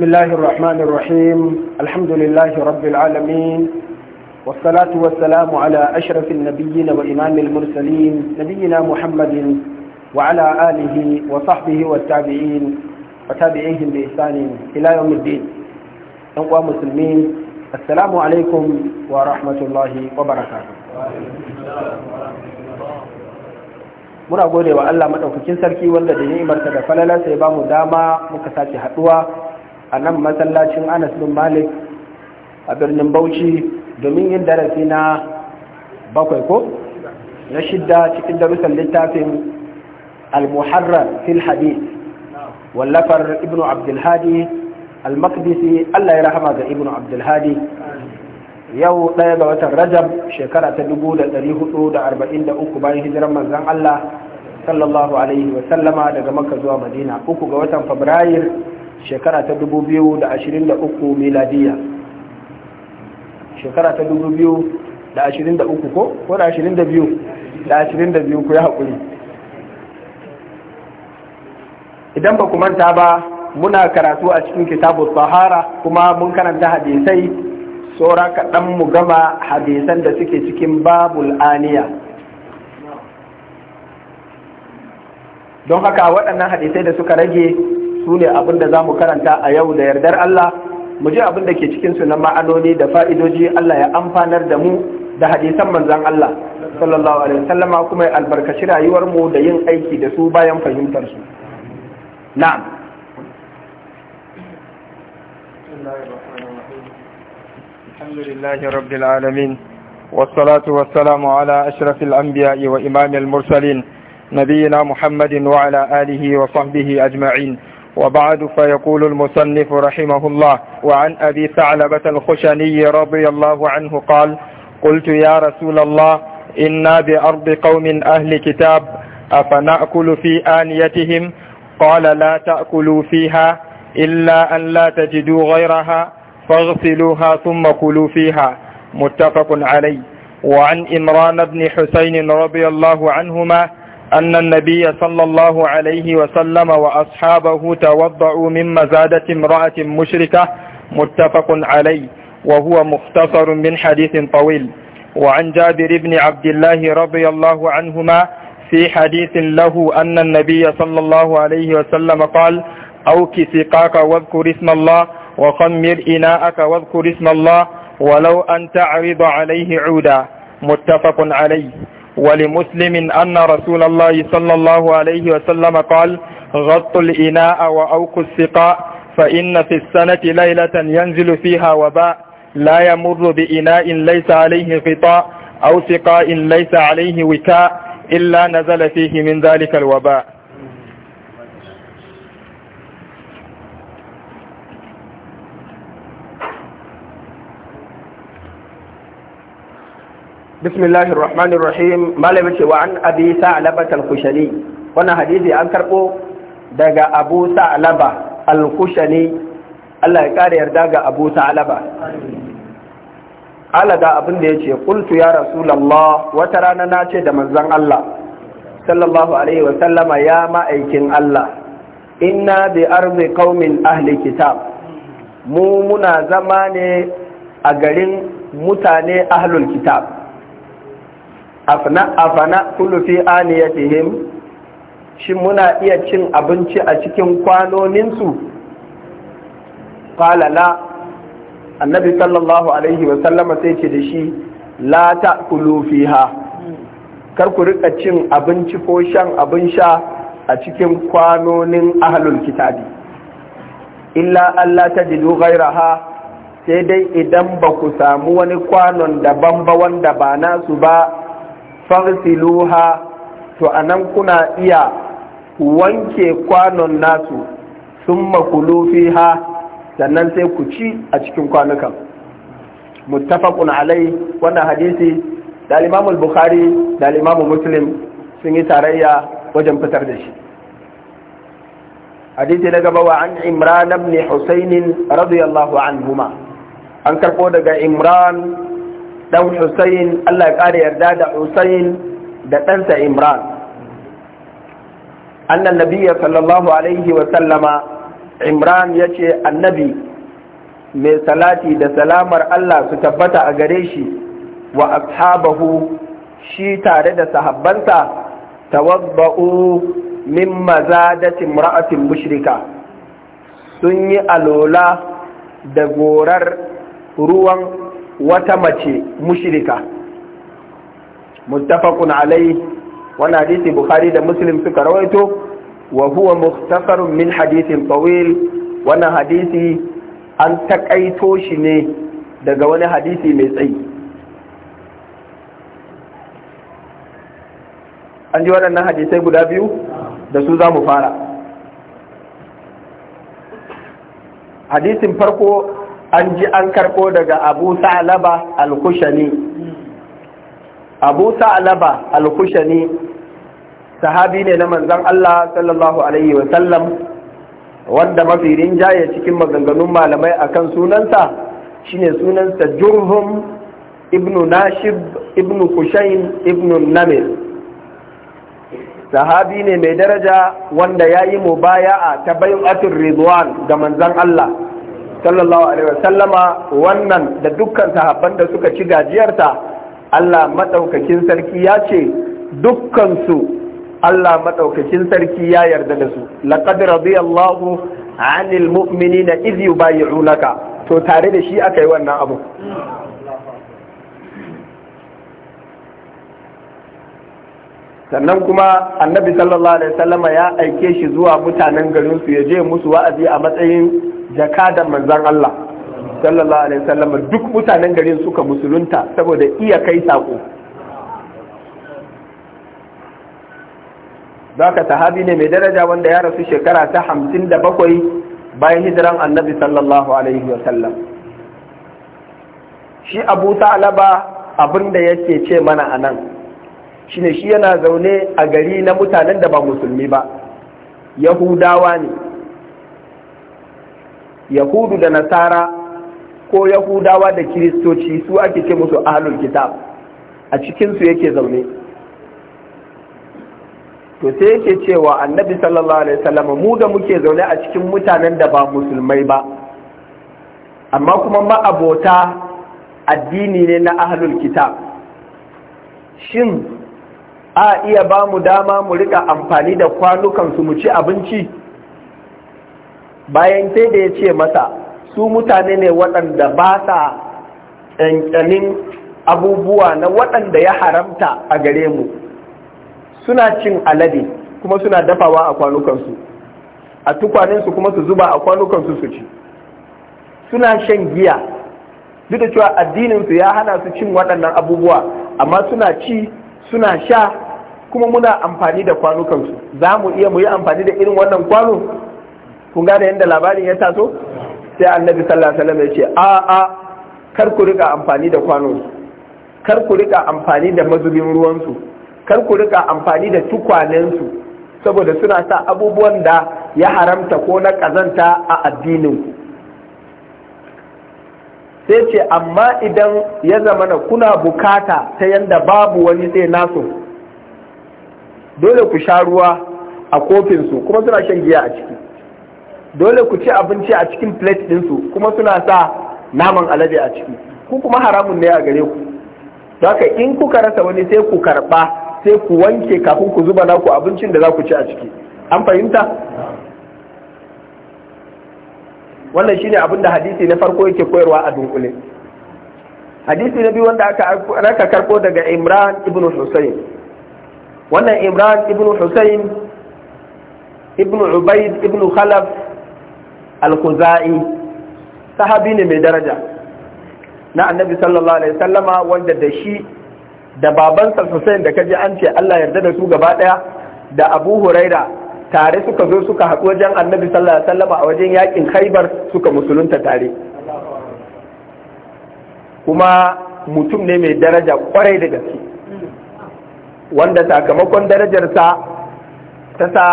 بسم الله الرحمن الرحيم الحمد لله رب العالمين والصلاة والسلام على أشرف النبيين وإمام المرسلين نبينا محمد وعلى آله وصحبه والتابعين وتابعيهم بإحسان إلى يوم الدين أقوى مسلمين السلام عليكم ورحمة الله وبركاته muna gode wa Allah madaukakin sarki wanda da ni'imarsa da falala sai ba mu dama muka sake haduwa a nan masallacin anas bin malik a birnin bauchi domin yin darasi na bakwai ko na shidda cikin darussan littafin al-muharrar fil hadith wallafar Ibn abdulhadi al makdisi allah ya rahama ga ibnu abdulhadi yau ɗaya ga watan rajab shekara ta dubu da hudu da arba'in da uku bayan hijiran manzan allah sallallahu alaihi wasallama daga makka zuwa madina uku ga watan fabrair shekara ta dubu biyu da da ashirin 2023 miladiya shekara ta dubu biyu da da ashirin uku ko ko da ashirin da biyu? Da da ashirin biyu ku ya haƙuri idan ba ku manta ba muna karatu a cikin kitabu sahara kuma mun karanta hadisai tsora kaɗan mu gama hadisan da suke cikin babul aniya don haka waɗannan hadisai da suka rage su ne abin da za mu karanta a yau da yardar Allah mu ji abin da ke cikinsu na ma'anoni da fa'idoji Allah ya amfanar da mu da hadisan manzan Allah sallallahu alaihi wasallama kuma ya albarkaci rayuwar mu da yin aiki da su bayan fahimtar su na'am ala rabbil alamin والصلاة والسلام على أشرف الأنبياء وإمام muhammadin wa محمد وعلى آله وصحبه أجمعين وبعد فيقول المصنف رحمه الله وعن أبي ثعلبة الخشني رضي الله عنه قال قلت يا رسول الله إنا بأرض قوم أهل كتاب أفنأكل في آنيتهم قال لا تأكلوا فيها إلا أن لا تجدوا غيرها فاغسلوها ثم كلوا فيها متفق عليه وعن إمران بن حسين رضي الله عنهما أن النبي صلى الله عليه وسلم وأصحابه توضعوا من مزادة امرأة مشركة متفق عليه وهو مختصر من حديث طويل وعن جابر بن عبد الله رضي الله عنهما في حديث له أن النبي صلى الله عليه وسلم قال أوك سقاك واذكر اسم الله وخمر إناءك واذكر اسم الله ولو أن تعرض عليه عودا متفق عليه ولمسلم أن رسول الله صلى الله عليه وسلم قال غطوا الإناء وأوقوا السقاء فإن في السنة ليلة ينزل فيها وباء لا يمر بإناء ليس عليه غطاء أو سقاء ليس عليه وكاء إلا نزل فيه من ذلك الوباء bismillahir rahmanir rahim malamin cewa an abi alaba al-kushani wannan hadisi an karbo daga abu sa'laba al-kushani Allah ya yarda ga abu sa'laba ala ga abin da yace qultu ya rasulullah wata rana nace da manzon Allah sallallahu alaihi wa sallama ya ma'aikin Allah ina bi arzi qaumin ahli kitab mu muna zama ne a garin mutane ahlul kitab afna afana kullu fi aniyatihim shin muna iya cin abinci a cikin kwanoninsu qala la annabi sallallahu alaihi wa sallama sai ce da shi la ta'kulu fiha kar ku rika cin abinci ko shan abin sha a cikin kwanonin ahlul kitabi illa alla tajidu ghayraha sai dai idan ba ku samu wani kwanon daban ba wanda ba nasu ba fagsiluha to anan kuna iya wanke kwanon nasu sun makulu fiha sannan sai ku ci a cikin kwanukan muttafaqun alai wannan hadisi da al bukhari da al muslim sun yi tarayya wajen fitar da shi hadisi na gaba wa an imran ibn husayn radiyallahu anhuma an karɓo daga imran dan Hussein Allah ya ƙara yarda da Hussein da ɗansa Imran annan Nabiya sallallahu alaihi wa sallama Imran ya ce annabi mai salati da salamar Allah su tabbata a gare shi wa ashabahu shi tare da sahabbansa tawabba'u min mazadatin ra'atin mushrika sun yi alola da gorar ruwan wata mace mushrika muttafaqun alai wani hadisi bukhari da muslim suka rawaito wa huwa mukhtasarun min hadisin tawil wani hadisi an takaito shi ne daga wani hadisi mai tsayi an ji waɗannan hadisai guda biyu da su za fara hadisin farko an ji an karko daga abu sa'alaba al-kushani abu sa'alaba al-kushani sahabi ne na manzan Allah sallallahu alaihi wasallam wanda mafi rinjaye cikin maganganun malamai akan sunansa shine sunansa jurhum ibnu nashib ibnu kushain ibnu namir sahabi ne mai daraja wanda ya yi mubaya'a ta atin ridwan ga manzan Allah sallallahu alaihi wasallama wannan da dukkan sahabban da suka ci gajiyarta Allah madaukakin sarki ya ce dukkansu Allah madaukakin sarki ya yarda da su laqad radiyallahu anil mu'minina idh yubayyi'unaka to tare da shi aka yi wannan abu sannan kuma annabi sallallahu alaihi wasallama ya aike shi zuwa mutanen garinsu ya je musu wa'azi a matsayin Jaka da manzan Allah sallallahu alaihi wasallam duk mutanen garin suka musulunta saboda iya kai sako zaka sahabi ne mai daraja wanda ya rasu shekara ta hamsin da bakwai bayan hijiran annabi sallallahu alaihi wasallam shi abu ta'alaba abinda yake ce mana a nan ne shi yana zaune a gari na mutanen da ba musulmi ba yahudawa ne yahudu da nasara ko yahudawa da kiristoci su ake ce musu ahlul kitab a cikinsu yake zaune to sai yake cewa annabi sallallahu alaihi wasallam mu da muke zaune a cikin mutanen da ba musulmai ba amma kuma ma'abota addini ne na ahlul kitab shin a iya ba mu dama mu rika amfani da kwanukansu mu ci abinci bayan sai da ya ce masa su mutane ne waɗanda ba sa ƙyanƙyanin abubuwa na waɗanda ya haramta a gare mu suna cin alade kuma suna dafawa a kwanukansu a tukwaninsu kuma su zuba a kwanukansu su ci suna shan giya duk da cewa addininsu ya hana su cin waɗannan abubuwa amma suna ci suna sha kuma muna amfani da kwanukansu za mu iya mu yi amfani da irin wannan kwano kun gane yadda labarin ya taso sai annabi sallallahu alaihi wasallam ya ce a a kar ku rika amfani da kwano kar ku rika amfani da mazubin ruwan su kar ku rika amfani da tukwanen su saboda suna sa abubuwan da ya haramta ko na kazanta a addinin sai ce amma idan ya zamana kuna bukata ta yanda babu wani sai nasu dole ku sha ruwa a kofinsu kuma suna shan giya a ciki dole ku ci abinci a cikin plate ɗinsu kuma suna sa naman alade a ciki ku kuma haramun ne a gare ku haka in kuka rasa wani sai ku karɓa sai ku wanke kafin ku zuba naku abincin da za ku ci a ciki an fahimta wannan shine abin da hadisi na farko yake koyarwa a dunkule hadisi na biyu wanda aka raka karko daga imran ibn husayn wannan imran ibn husayn ibn ubaid ibn khalaf al-kuza'i sahabi ne mai daraja na annabi sallallahu alaihi sallama wanda da shi da babansa Hussein da kaji an ce Allah yarda da su gaba daya da Abu Huraira tare suka zo suka haɗu wajen annabi sallallahu alaihi sallama a wajen yakin Khaibar suka musulunta tare kuma mutum ne mai daraja kwarai da gaske wanda sakamakon darajarsa ta sa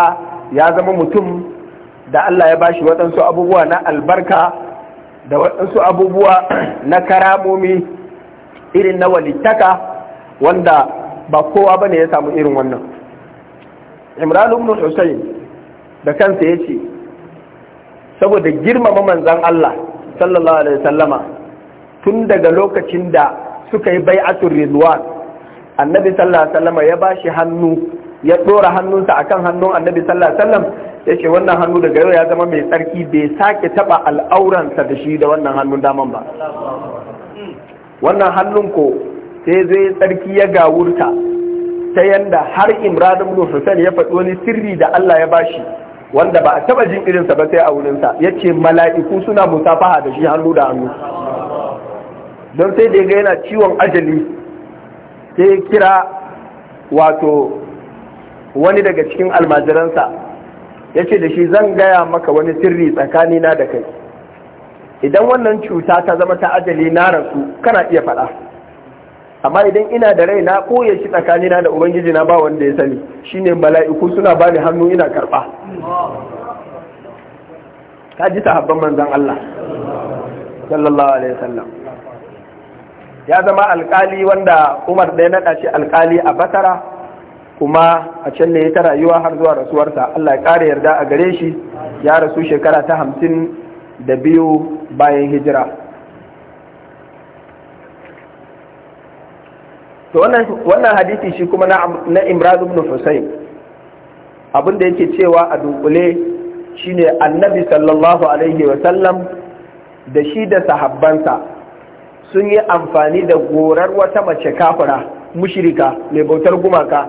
ya zama mutum da Allah ya bashi waɗansu abubuwa na albarka da waɗansu abubuwa na karamomi irin na walittaka wanda ba kowa ba ne ya samu irin wannan imran ibn husayn da kansa ya ce saboda girmama manzan Allah sallallahu alaihi wasallama tun daga lokacin da suka yi bai'atul ridwan annabi sallallahu alaihi wasallama ya bashi hannu ya ɗora hannunsa a kan hannun annabi sallallahu alaihi wasallam ya ce wannan hannu daga yau ya zama mai tsarki bai sake taɓa al'auransa da shi da wannan hannun daman ba wannan hannun ko sai zai tsarki ya gawurta ta yanda har imran ibn husain ya faɗi wani sirri da Allah ya bashi wanda ba a taba jin irinsa ba sai a wurinsa ya ce mala'iku suna musafaha da shi hannu da hannu don sai da ga yana ciwon ajali sai kira wato wani daga cikin almajiransa ya ce da shi zan gaya maka wani sirri tsakanina da kai idan wannan cuta ta zama ta ajali na rasu kana iya faɗa amma idan ina da rai na koya shi tsakanina da ubangiji na ba wanda ya sani shine mala'iku suna ba ni hannu ina karɓa ta ji ta habban manzan Allah sallallahu alaihi wasallam ya zama alkali wanda Umar ɗaya naɗa shi alkali a Basra kuma a can ne ta rayuwa har zuwa rasuwarsa Allah ya ƙara yarda a gare shi ya rasu shekara ta hamsin da biyu bayan hijira to wannan hadisi shi kuma na imran ibn husayn abin da yake cewa a dunkule shine annabi sallallahu alaihi Wasallam da shi da sahabbansa sun yi amfani da gorar wata mace kafura mushirika mai bautar gumaka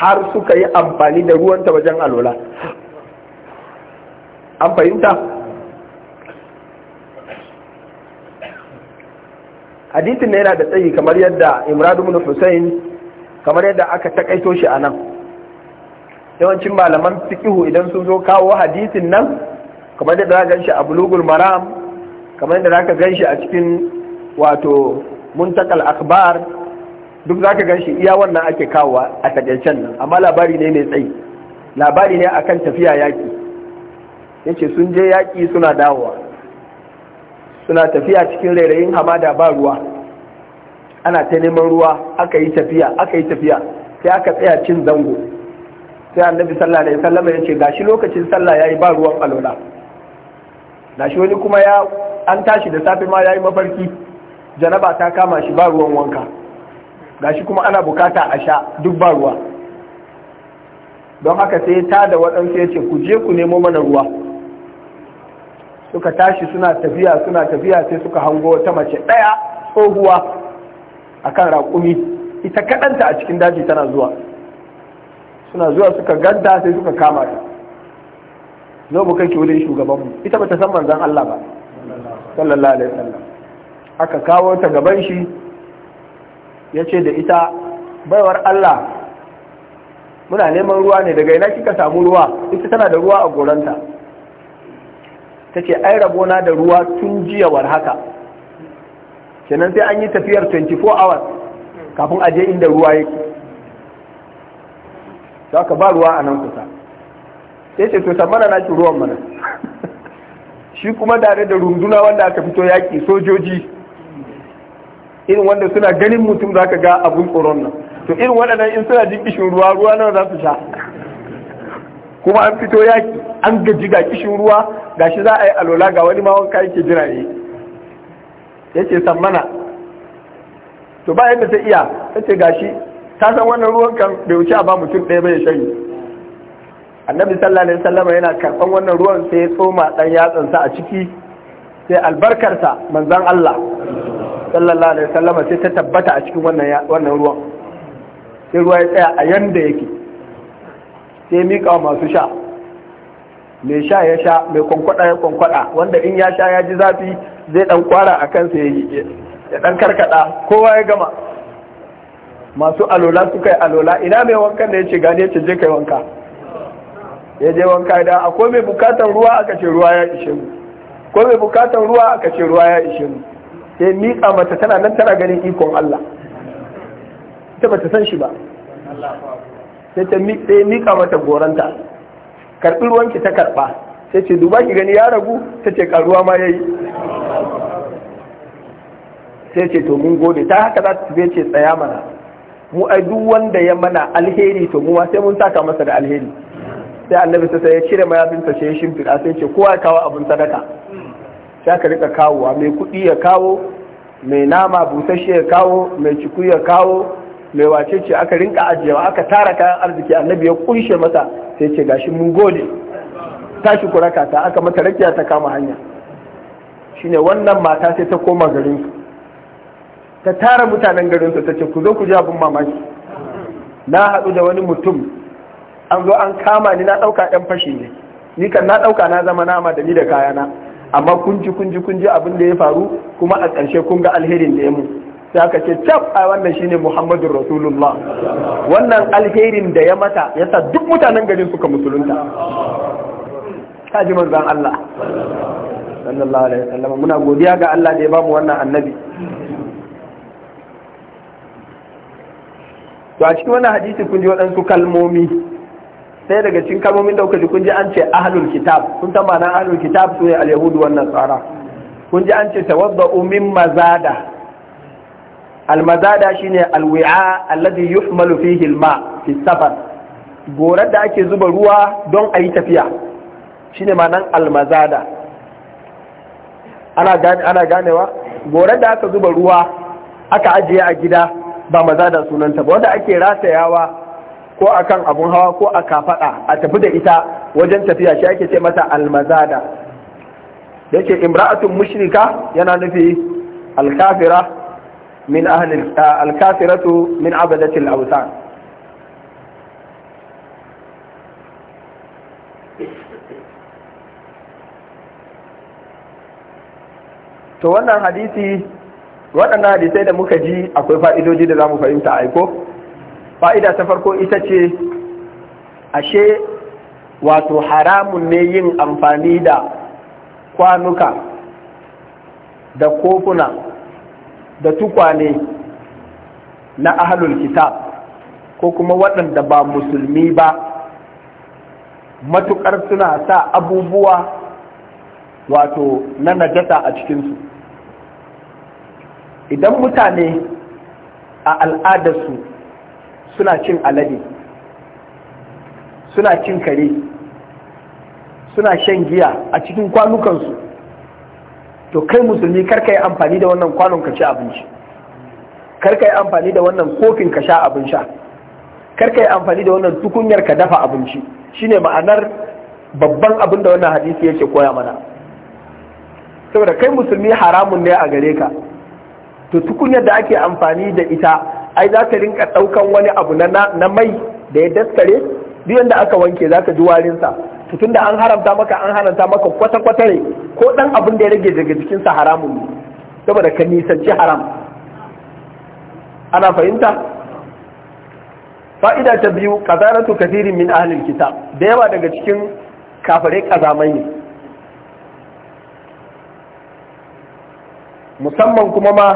har suka yi amfani da ruwanta wajen alola an fahimta hadisin yana da tsayi kamar yadda imradu bin hussein kamar yadda aka takaito shi a nan yawancin malaman fiƙihu idan sun zo kawo hadisin nan kamar yadda za gan shi a bulugul maram kamar yadda za ka gan shi a cikin wato muntakal akbar duk za ka ganshi iya wannan ake kawowa a takaicen nan amma labari ne mai tsayi labari ne akan tafiya yaƙi ya ce sun je yaƙi suna dawowa suna tafiya cikin rairayin hamada ba ruwa ana ta neman ruwa aka yi tafiya aka yi tafiya sai aka tsaya cin zango sai annabi sallallahu alaihi wasallam ya ce gashi lokacin sallah yayi ba ruwan alola gashi wani kuma ya an tashi da safe ma yayi mafarki janaba ta kama shi ba ruwan wanka gashi kuma ana bukata a sha duk ba ruwa don haka sai ya tada waɗansu ya ce ku je ku nemo mana ruwa suka tashi suna tafiya suna tafiya sai suka hango ta mace ɗaya tsohuwa akan raƙumi ita kaɗanta a cikin daji tana zuwa suna zuwa suka ganta sai suka kama ta zo mu kai wurin shugabanmu ita bata san manzon Allah ba sallallahu alaihi wasallam aka kawo ta gaban shi ya ce da ita baiwar Allah muna neman ruwa ne daga ina kika samu ruwa ita tana da ruwa a goranta ta ce ai rabona da ruwa tun jiyawar haka kenan sai an yi tafiyar 24 hours kafin a inda ruwa yake za ka ba ruwa a nan kusa sai ce to samana na ki ruwan mana shi kuma tare da runduna wanda aka fito yaki sojoji irin wanda suna ganin mutum za ka ga abun tsoron nan to irin waɗannan in suna jin kishin ruwa ruwa nawa za su sha kuma an fito yaki an gaji ga kishin ruwa gashi za a yi alola ga wani ma wanka yake jira ne yace sammana to ba yadda ta iya tace gashi ta san wannan ruwan kan bai wuce a ba mutum ɗaya ba ya shanye annabi sallallahu alaihi wasallam yana karɓan wannan ruwan sai ya tsoma dan yatsansa a ciki sai albarkarsa manzon Allah sallallahu alaihi wasallam sai ta tabbata a cikin wannan wannan ruwan sai ruwa ya tsaya a yanda yake sai mika masu sha mai sha ya sha mai kwankwada ya kwankwada wanda in ya sha ya ji zafi zai dan kwara a kansa ya dan karkada kowa ya gama masu alola suka yi alola ina mai wankan da ya ce gane ce je kai wanka ya je wanka da akwai mai bukatar ruwa aka ce ruwa ya ishe mu ko mai bukatar ruwa aka ce ruwa ya ishe mu ya miƙa mata tana nan tana ganin ikon Allah ita bata san shi ba sai ta miƙa mata goranta karɓi ruwanki ta karɓa sai ce duba ki gani ya ragu ta ce karuwa ma ya yi sai ce to mun gode ta haka za ta ce tsaya mana mu ai duk wanda ya mana alheri to mu ma sai mun saka masa da alheri sai annabi sai ya cire mayafinsa sai ya shimfiɗa sai ce kowa ya kawo abin sadaka sai ka rika kawowa mai kuɗi ya kawo mai nama busasshe ya kawo mai ciku ya kawo mai wace ce aka rinka ajiyewa aka tara kayan arziki annabi ya kunshe masa sai ce gashi mun gode tashi kuraka ta aka mata rakiya ta kama hanya shine wannan mata sai ta koma garin ta tara mutanen garin ta ce ku zo ku ji abin mamaki na haɗu da wani mutum an zo an kama ni na ɗauka ɗan fashi ne ni kan na ɗauka na zama nama da ni da kayana amma kun ji kun ji kun ji abin da ya faru kuma a ƙarshe kun ga alherin da ya mu sai aka ce cap a wannan shine Muhammadu Rasulullah wannan alherin da ya mata yasa duk mutanen garin suka musulunta kaji manzon Allah sallallahu alaihi wasallam muna godiya ga Allah da ya bamu wannan annabi to a cikin wannan hadisi kun ji waɗansu kalmomi Sai daga cikin kalmomin da ji kun ji an ce ahlul kitab kun ta ma'ana ahlul kitab su ne al-yahudu wannan tsara kun ji an ce tawadda'u min mazada al-mazada shine al-wi'a alladhi yuhmalu fihi al-ma fi safar gorar da ake zuba ruwa don a yi tafiya shine ma'anan al-mazada ana gane ana ganewa gorar da aka zuba ruwa aka ajiye a gida ba mazada sunanta ba wanda ake ratayawa ko a kan abun hawa ko a kafaɗa a tafi da ita wajen tafiya shi ake ce mata almazada da yake imra'atun mushrika yana nufi alkafira min alkafiratu min abadatil ausa to wannan hadisi waɗannan hadisai da muka ji akwai fa'idoji da za mu fahimta aiko fa'ida ta farko ita ce ashe wato haramun ne yin amfani da kwanuka da kofuna da tukwane na ahalul kitab ko kuma waɗanda ba musulmi ba matuƙar suna sa abubuwa wato na najasa a cikinsu idan mutane a al'adarsu suna cin alade suna cin kare suna shan giya a cikin kwanukansu to kai musulmi karka yi amfani da wannan kwanon ka ci abinci karka yi amfani da wannan kofin ka sha abin sha karka yi amfani da wannan tukunyar ka dafa abinci shine ma'anar babban abin da wannan hadisi yake koya mana saboda kai musulmi haramun ne a gare ka to tukunyar da ake amfani da ita ai za ta rinka ɗaukan wani abu na mai da ya daskare duk da aka wanke za ka ji warinsa tutun da an haramta maka an haramta maka kwata-kwata ne ko ɗan abin da ya rage daga jikinsa haramun ne saboda ka nisanci haram ana fahimta fa'ida ta biyu kazaratu kathirin min ahlil kitab da yawa daga cikin kafare kazamai ne musamman kuma ma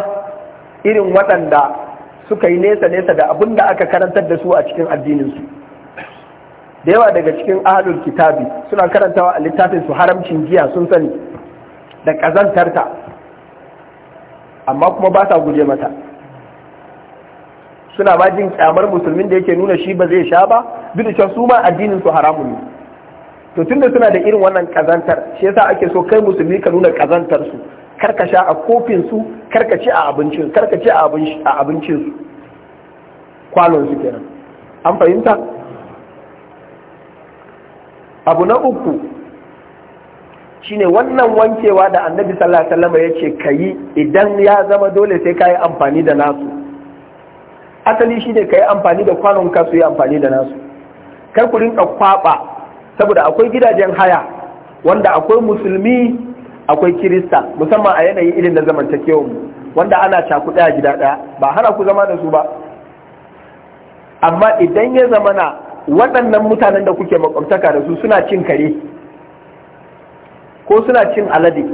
irin waɗanda suka yi nesa nesa da abin da aka karantar da su a cikin addininsu da yawa daga cikin ahalul kitabi suna karantawa a littafin su haramcin giya sun sani da ƙazantarta amma kuma ba sa guje mata suna ba jin kyamar musulmin da yake nuna shi ba zai sha ba duk da cewa su ma addinin su haramun ne to tunda suna da irin wannan kazantar shi yasa ake so kai musulmi ka nuna kazantar karka sha a kofin su karka ci a abincin karka ci a abincin su kwalon su kenan an fahimta abu na uku shine wannan wankewa da annabi sallallahu alaihi wasallam yace kayi idan ya zama dole sai kayi amfani da nasu asali shine kayi amfani da kwanon ka su yi amfani da nasu kar ku rinka kwaba saboda akwai gidajen haya wanda akwai musulmi akwai kirista musamman a yanayin irin na zamantakewar mu wanda ana cakuɗe a gida ɗaya ba hana ku zama da su ba amma idan ya zama na waɗannan mutanen da kuke makwabtaka da su suna cin kare ko suna cin alade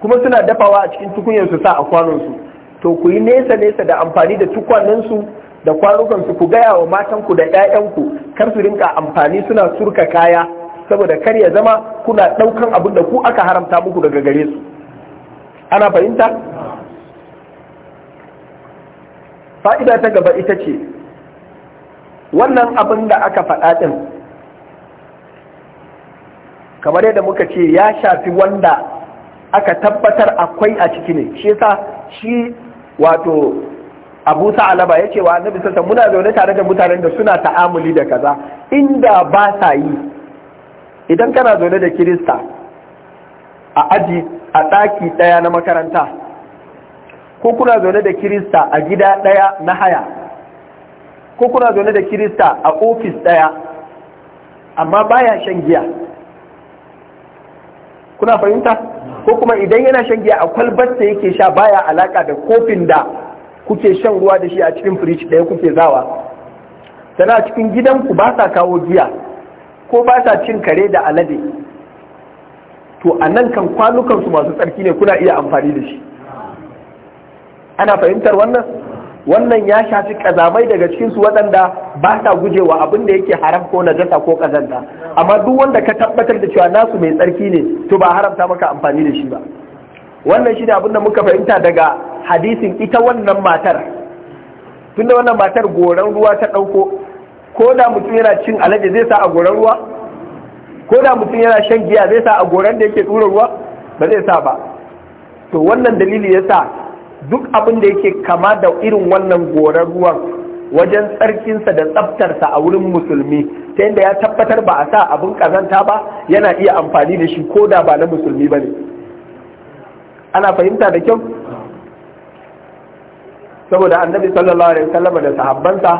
kuma suna dafawa a cikin tukunyar su sa a kwanonsu to ku yi nesa nesa da amfani da tukwanensu da kwanukansu ku gaya wa matanku da 'ya'yanku kar su rinka amfani suna surka kaya saboda kar ya zama kuna ɗaukan abin da ku aka haramta muku daga gare su ana fahimta fa'ida ta gaba ita ce wannan abin da aka faɗa ɗin kamar yadda muka ce ya shafi wanda aka tabbatar akwai a ciki ne shi yasa shi wato abu sa'alaba ya ce wa annabi sassa muna zaune tare da mutanen da suna ta'amuli da kaza inda ba sa yi idan kana zaune da kirista a aji a ɗaki ɗaya na makaranta ko kuna zaune da kirista a gida ɗaya na haya ko kuna zaune da kirista a ofis ɗaya amma baya shan giya kuna fahimta ko kuma idan yana shan giya a da yake sha baya alaka da kofin da kuke shan ruwa da shi a cikin firij ɗaya kuke zawa sana a cikin gidanku ba sa kawo giya ko ba sa cin kare da alade to a nan kan kwanukansu masu tsarki ne kuna iya amfani da shi ana fahimtar wannan wannan ya shafi kazamai daga cikinsu waɗanda ba sa gujewa abin da yake haram ko najasa ko kazanta amma duk wanda ka tabbatar da cewa nasu mai tsarki ne to ba haramta maka amfani da shi ba wannan shi ne abin da muka fahimta daga hadisin ita wannan matar tunda wannan matar goran ruwa ta ɗauko ko da mutum yana cin alade zai sa a goran ruwa ko da mutum yana shan giya zai sa a goran da yake tura ruwa ba zai sa ba to wannan dalili sa duk abin da yake kama da irin wannan goran ruwan wajen tsarkinsa da tsaftarsa a wurin musulmi ta yadda ya tabbatar ba a sa abin kazanta ba yana iya amfani da shi ko da ba na musulmi ba ne ana fahimta da kyau saboda annabi sallallahu alaihi wasallam da sahabbansa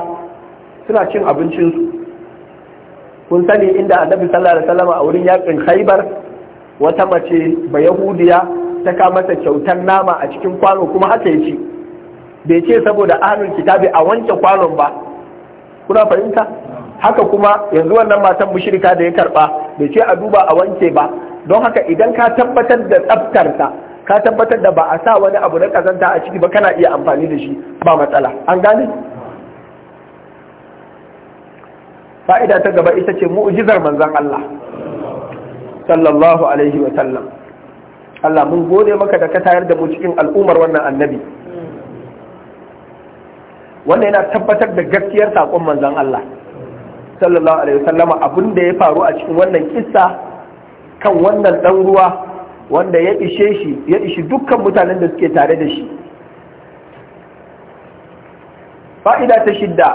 suna cin abincinsu kun sani inda annabi sallallahu alaihi wasallam a wurin yakin khaibar wata mace ba yahudiya ta kama ta kyautar nama a cikin kwano kuma haka ya bai ce saboda ahlul kitabi a wanke kwanon ba kuna fahimta haka kuma yanzu wannan matan mushrika da ya karba bai ce a duba a wanke ba don haka idan ka tabbatar da ta ka tabbatar da ba a sa wani abu na kazanta a ciki ba kana iya amfani da shi ba matsala an gane fa'ida ta gaba ita ce mu'ujizar manzan Allah sallallahu alaihi wa Allah mun gode maka da ka tayar da mu cikin al'ummar wannan annabi wannan yana tabbatar da gaskiyar saƙon manzan Allah sallallahu alaihi wa abin da ya faru a cikin wannan kissa kan wannan ɗan ruwa wanda ya ishe shi ya ishi dukkan mutanen da suke tare da shi fa'ida ta shidda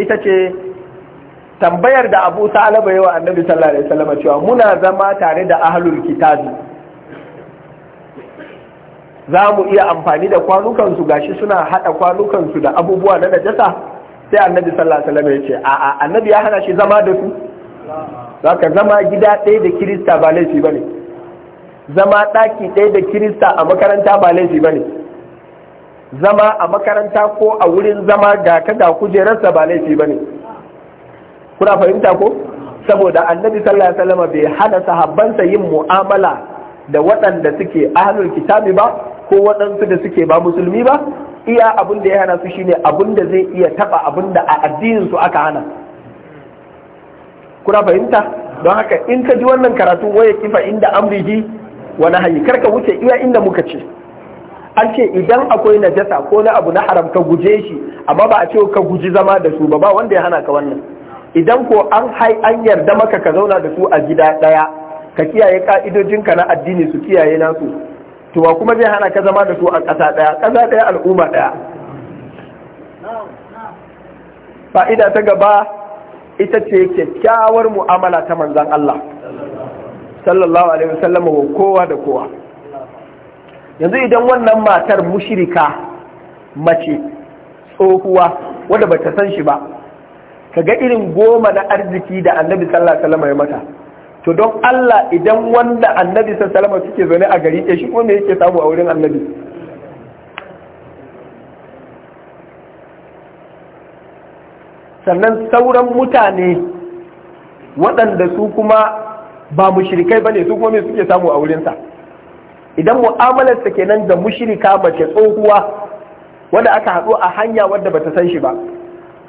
ita ce tambayar da Abu ta ya wa Annabi sallallahu alaihi wasallam cewa muna zama tare da ahlul kitabi za mu iya amfani da kwanukansu gashi suna haɗa kwanukansu da abubuwa na najasa sai annabi sallallahu alaihi wasallam ya ce a'a annabi ya hana shi zama da su zaka zama gida ɗaya da kirista ba laifi bane zama ɗaki ɗaya da kirista a makaranta ba laifi bane zama a makaranta ko a wurin zama ga ka ga kujerarsa ba laifi bane kuna fahimta ko saboda annabi sallallahu alaihi wasallam bai hana sahabbansa yin mu'amala da waɗanda suke ahlul kitabi ba ko waɗansu da suke ba musulmi ba iya abin da ya hana su shine abin da zai iya taba abin da a addinin su aka hana kuna fahimta don haka in ka ji wannan karatu waya kifa inda amrihi wa nahyi karka wuce iya inda muka ce an ce idan akwai najasa ko na abu na haram ka guje shi amma ba a ce ka guji zama da su ba ba wanda ya hana ka wannan idan ko an hai an yarda maka ka zauna da su a gida ɗaya ka kiyaye ka na addini su kiyaye nasu to wa kuma zai hana ka zama da su a ƙasa ɗaya ƙasa ɗaya al'umma ɗaya fa'ida ta gaba ita ce kyakkyawar mu'amala ta manzan Allah sallallahu alaihi wasallam wa kowa da kowa yanzu idan wannan matar mushirika mace tsohuwa wadda bata san shi ba ka ga irin goma na arziki da annabi sallallahu alaihi wasallam ya mata to don Allah idan wanda annabi sallallahu alaihi wasallam suke zaune a gari ɗaya shi ko me yake samu a wurin annabi sannan sauran mutane waɗanda su kuma ba mushrikai bane su kuma me suke samu a wurinsa idan mu'amalarsa kenan da mushrika mace tsohuwa wanda aka haɗu a hanya wadda bata san shi ba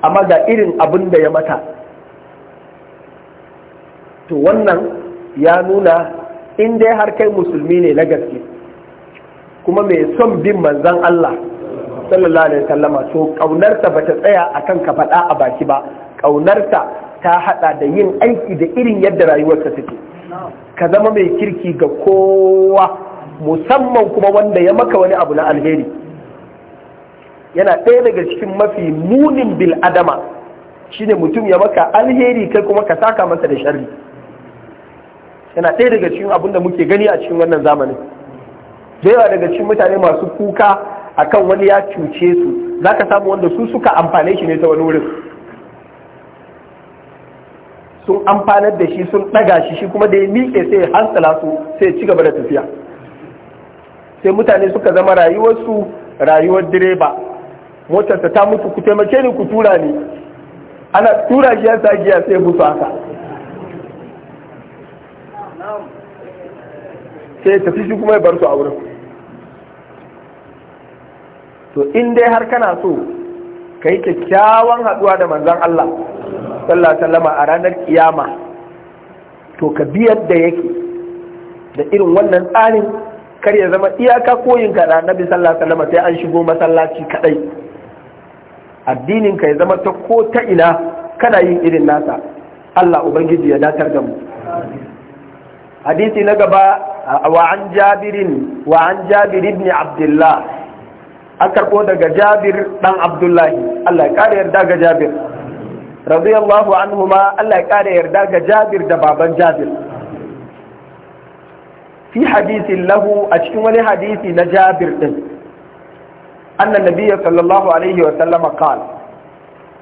amma ga irin abin da ya mata to wannan ya nuna in dai har kai musulmi ne na gaske kuma mai son bin manzan Allah sallallahu alaihi wasallama to ƙaunarta ba ta tsaya akan ka faɗa a baki ba Ƙaunarta ta haɗa da yin aiki da irin yadda rayuwarsa take ka zama mai kirki ga kowa musamman kuma wanda ya maka wani abu na alheri yana ɗaya daga cikin mafi munin bil adama shine mutum ya maka alheri kai kuma ka saka masa da sharri yana ɗaya daga cikin abin muke gani a cikin wannan zamanin da yawa daga cikin mutane masu kuka akan wani ya cuce su za ka samu wanda su suka amfane shi ne ta wani wurin sun amfanar da shi sun ɗaga shi shi kuma da ya miƙe sai hansala su sai ci gaba da tafiya sai mutane suka zama rayuwarsu rayuwar direba motarsa ta mutu ku taimake ni ku tura ni ana tura shi ya giya sai mutu haka sai tafi shi kuma ya bar su a wurin to in dai har kana so ka yi kyakkyawan haɗuwa da manzan Allah sallallahu alaihi a ranar kiyama to ka biyar da yake da irin wannan tsarin kar ya zama iyaka koyin ka da annabi sallallahu alaihi sai an shigo masallaci kaɗai. addinin ka ya zama ta ko ta ina kana yin irin nasa Allah ubangiji ya datar da mu hadisi na gaba wa an jabirin wa an jabir ibn abdullah an karɓo daga jabir dan abdullahi Allah ya kare yarda ga jabir radiyallahu anhuma Allah ya kare yarda ga jabir da baban jabir fi hadisi lahu a cikin wani hadisi na jabir din annan nabiyya sallallahu alaihi wa sallama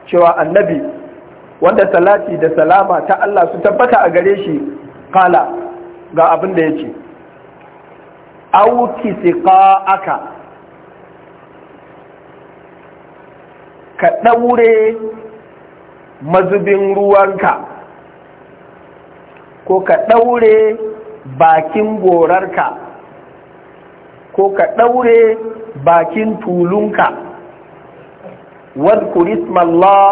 cewa annabi wanda salati da salama ta Allah su tabbata a gare shi kala ga abin da ya ce auki aka ka ɗaure mazubin ruwanka ko ka ɗaure bakin gorarka ko ka ɗaure bakin tulunka wadkur ismallah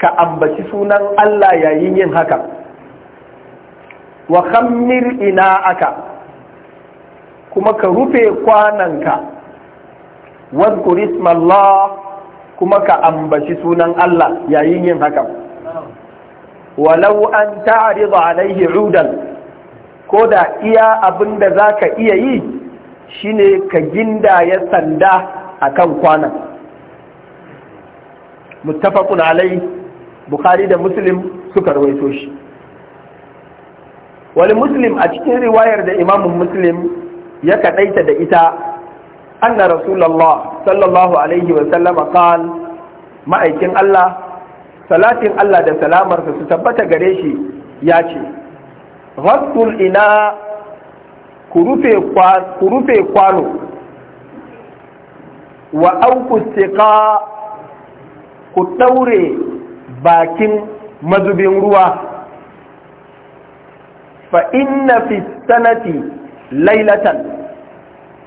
ka ambaci sunan Allah yayin yin haka wa khammir aka kuma ka rufe kwananka wadkur ismallah kuma ka ambaci sunan Allah yayin yin haka walau an ta'rida alaihi udan ko da iya abin da za ka iya yi shine ka ginda ya sanda a kan kwanan Mustapha alai bukhari da muslim suka rawaito shi wani muslim a cikin riwayar da imamun muslim ya kaɗaita da ita anna rasulallah sallallahu alaihi wa sallama ma'aikin Allah salatin Allah da salamarsa su tabbata gare shi ya ce ghassul ina ku rufe kwano wa auku siƙa ku ɗaure bakin mazubin ruwa fa inna fi sanati lailatan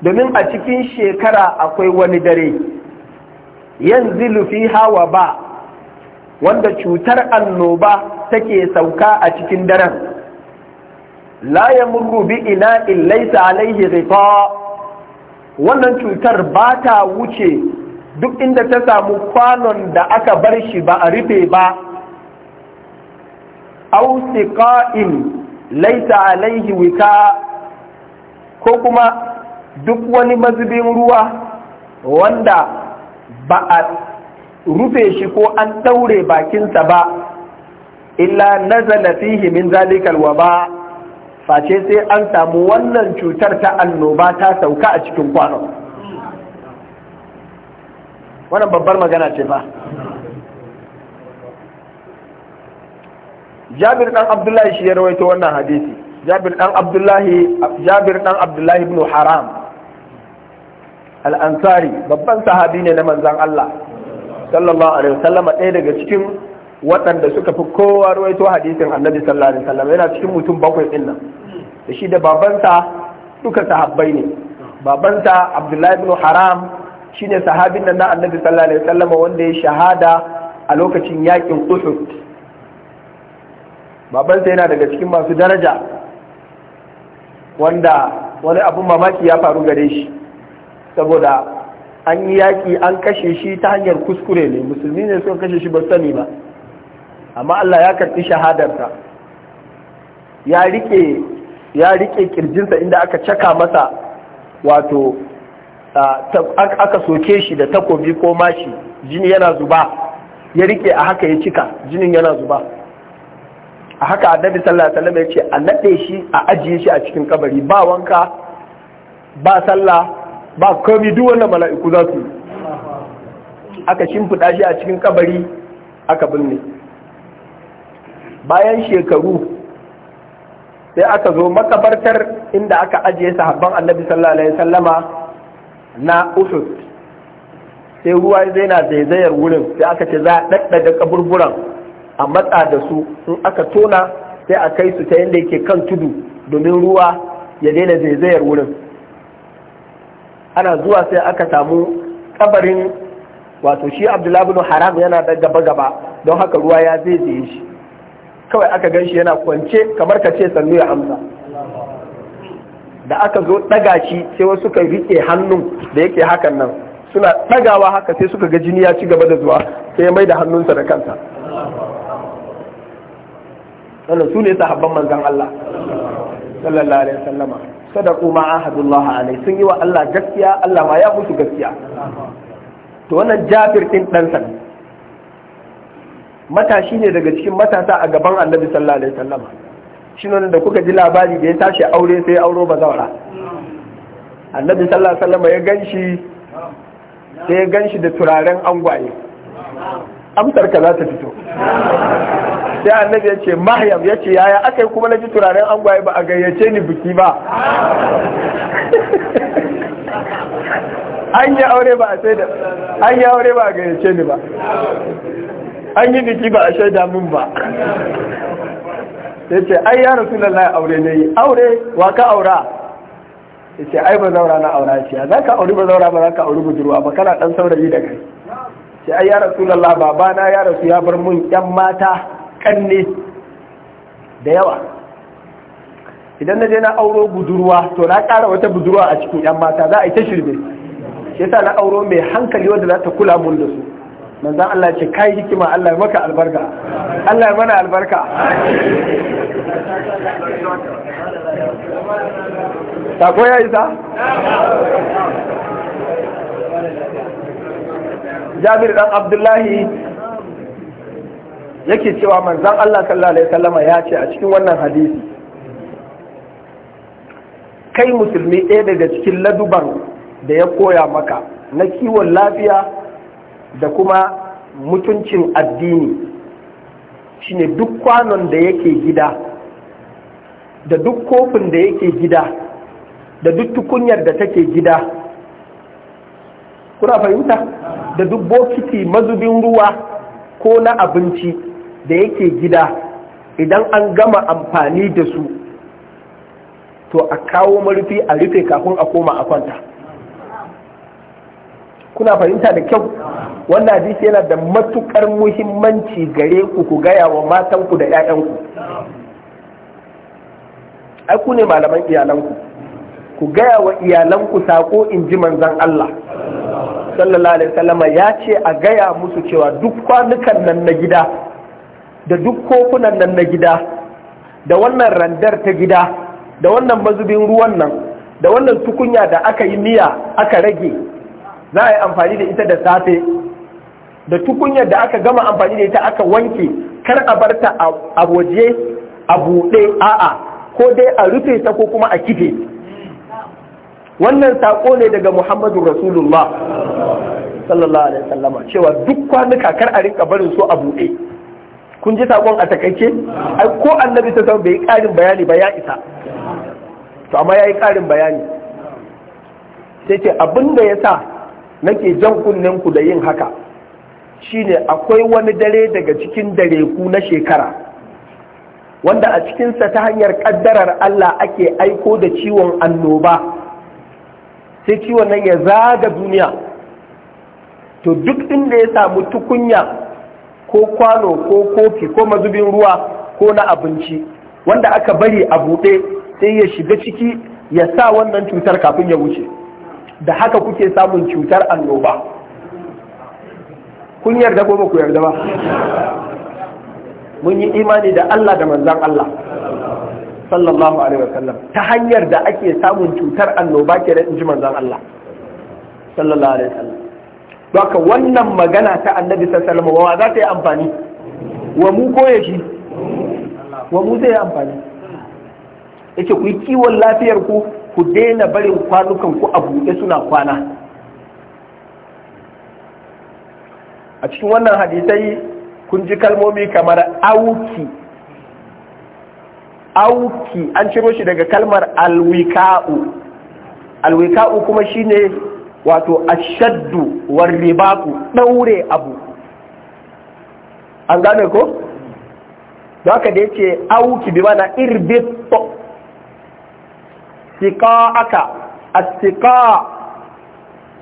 domin a cikin shekara akwai wani dare yanzu fi hawa ba wanda cutar annoba take sauka a cikin daren la yamurru bi in laisa alaihi rifa wannan cutar ba ta wuce duk inda ta samu kwanon da aka bar shi ba a rufe ba aw ka'in laita alaihi wika ko kuma duk wani mazubin ruwa wanda ba a rufe shi ko an daure bakinsa ba illa nazala fihi min zalikal waba face sai an samu wannan cutar ta annoba ta sauka a cikin kwanon wannan babbar magana ce ba jabir dan abdullahi shi ya rawaito wannan hadisi jabir dan abdullahi jabir dan abdullahi ibn haram al-ansari babban sahabi ne na manzon Allah sallallahu alaihi wasallam ɗaya daga cikin waɗanda suka fi kowa ruwaito hadisin annabi sallallahu alaihi wasallam yana cikin mutum bakwai din nan da shi da babansa duka sahabbai ne babansa abdullahi ibn haram shine sahabin nan na annabi sallallahu alaihi wasallam wanda ya shahada a lokacin yakin uhud babansa yana daga cikin masu daraja wanda wani abun mamaki ya faru gare shi saboda an yi yaƙi an kashe shi ta hanyar kuskure ne musulmi ne suka kashe shi ba sani ba amma Allah ya karɓi shahadarsa ya rike ya rike kirjinsa inda aka caka masa wato aka soke shi da takobi ko mashi jini yana zuba ya rike a haka ya cika jinin yana zuba a haka annabi sallallahu alaihi wasallam ya ce a nade shi a ajiye shi a cikin kabari ba wanka ba sallah ba komai duk wannan mala'iku za su aka shimfiɗa shi a cikin kabari aka binne bayan shekaru sai aka zo makabartar inda aka ajiye sahabban annabi sallallahu alaihi sallama na uhud sai ruwa zai na zaizayar wurin sai aka ce za a ɗaɗɗaga kaburburan a matsa da su in aka tona sai a kai su ta yadda yake kan tudu domin ruwa ya daina zaizayar wurin ana zuwa sai aka samu kabarin wato shi abdullahi bin haram yana da gaba gaba don haka ruwa ya zai zai shi kawai aka gan shi yana kwance kamar ka ce sannu ya amsa da aka zo ɗaga shi sai wasu suka riƙe hannun da yake hakan nan suna ɗagawa haka sai suka ga jini ya ci gaba da zuwa sai ya mai da hannunsa da kansa wannan su ne sahabban manzan Allah sallallahu alaihi kuma an ma ahadullah alai sun yi wa Allah gaskiya Allah ma ya musu gaskiya to wannan Jafir din dan matashi ne daga cikin matasa a gaban annabi sallallahu alaihi wasallam shi ne da kuka ji labari da ya tashi aure sai auro zaura annabi sallallahu alaihi wasallam ya ganshi sai ya ganshi da turaren angwaye amsar ka za ta fito sai annabi ya ce mahyam ya ce yaya aka yi kuma na ji turaren angwaye ba a gayyace ni biki ba an yi aure ba a sai da an yi aure ba a gayyace ni ba an yi biki ba a shaida mun ba ya ce ai ya rasu lallai aure ne yi aure wa ka aura ya ce ai ba zaura na aura ce za ka auri ba zaura ba za ka auri budurwa ba kana dan saurayi da kai ce ai ya rasu lallai babana ya rasu ya bar mun yan mata kanne da yawa idan na je na auro budurwa to na ƙara wata budurwa a cikin yan mata za a yi ta shirbe shi yasa na auro mai hankali wanda za ta kula mun da su manzan Allah ce kai hikima Allah maka albarka Allah mana albarka sako ya isa Jabir dan Abdullahi yake cewa manzan Allah sallallahu alaihi sallama ya ce a cikin wannan hadisi kai musulmi ɗaya daga cikin ladubar da ya koya maka na kiwon lafiya da kuma mutuncin addini shine duk kwanon da yake gida da duk kofin da yake gida da duk tukunyar da take gida kuna fahimta da duk bokiti mazubin ruwa ko na abinci da yake gida idan an gama amfani da su to a kawo marufi a rufe kafin a koma a kwanta kuna fahimta da kyau wannan hadisi yana da matukar muhimmanci gare ku ku gaya wa matanku da 'ya'yanku ai ku ne malaman iyalanku ku gaya wa iyalanku sako in ji manzan Allah sallallahu alaihi wasallam ya ce a gaya musu cewa duk kwanukan nan na gida da duk kofunan nan na gida da wannan randar ta gida da wannan mazubin ruwan nan da wannan tukunya da aka yi miya aka rage za a yi amfani da ita da safe da tukunyar da aka gama amfani da ita aka wanke kar a bar ta a waje a buɗe a'a ko dai a rufe ta ko kuma a kife wannan saƙo ne daga muhammadu rasulullah sallallahu alaihi wasallama cewa duk kwanuka kar a rinka barin su a buɗe kun ji saƙon a takaice ko annabi ta bai yi ƙarin bayani ba ya isa to amma ya yi ƙarin bayani sai ce abin da ya sa nake jan kunnen ku da yin haka shine akwai wani dare daga cikin dare ku na shekara wanda a cikinsa ta hanyar kaddarar Allah ake aiko da ciwon annoba sai ciwon nan ya zaga duniya to duk inda ya samu tukunya ko kwano ko kofi ko mazubin ruwa ko na abinci wanda aka bari a buɗe sai ya shiga ciki ya sa wannan cutar kafin ya wuce da haka kuke samun cutar annoba kun yarda ko ku yarda ba mun yi imani da Allah da manzan Allah sallallahu alaihi wasallam ta hanyar da ake samun cutar annoba ke da inji manzan Allah sallallahu alaihi wasallam Baka wannan magana ta annabi sallallahu alaihi wasallam wa za ta yi amfani wa mu koye shi wa mu zai yi amfani yace ku yi kiwon lafiyar ku ku daina barin kwanukan ku a buɗe suna kwana a cikin wannan hadisai kun ji kalmomi kamar auki auki an ciro shi daga kalmar alwika'u alwika'u kuma shine wato ashaddu war ribaku ɗaure abu an gane ko da ka da yace auki bi mana irbit siqa'aka as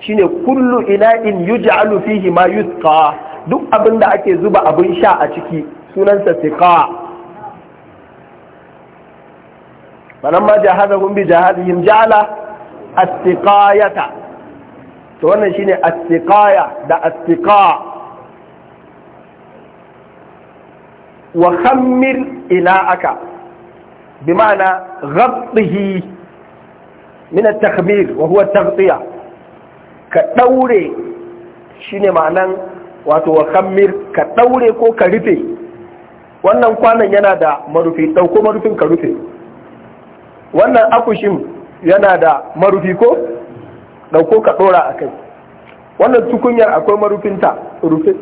shine kullu ina'in yuj'alu fihi ma yusqa duk abinda ake zuba abin sha a ciki sunansa siqa falamma jahadahum bi jahadihim ja'ala as to wannan shine as da as-siqa wa khammir ila'aka bi ma'ana ghabdihi min at-takmil wa huwa at-taghtiya ka daure shine ma'anan wato wa khammir ka daure ko ka rufe wannan kwanan yana da marufi dauko marufin ka rufe wannan akushin yana da marufi ko dauko ka dora akai wannan tukunyar akwai marufinta rufe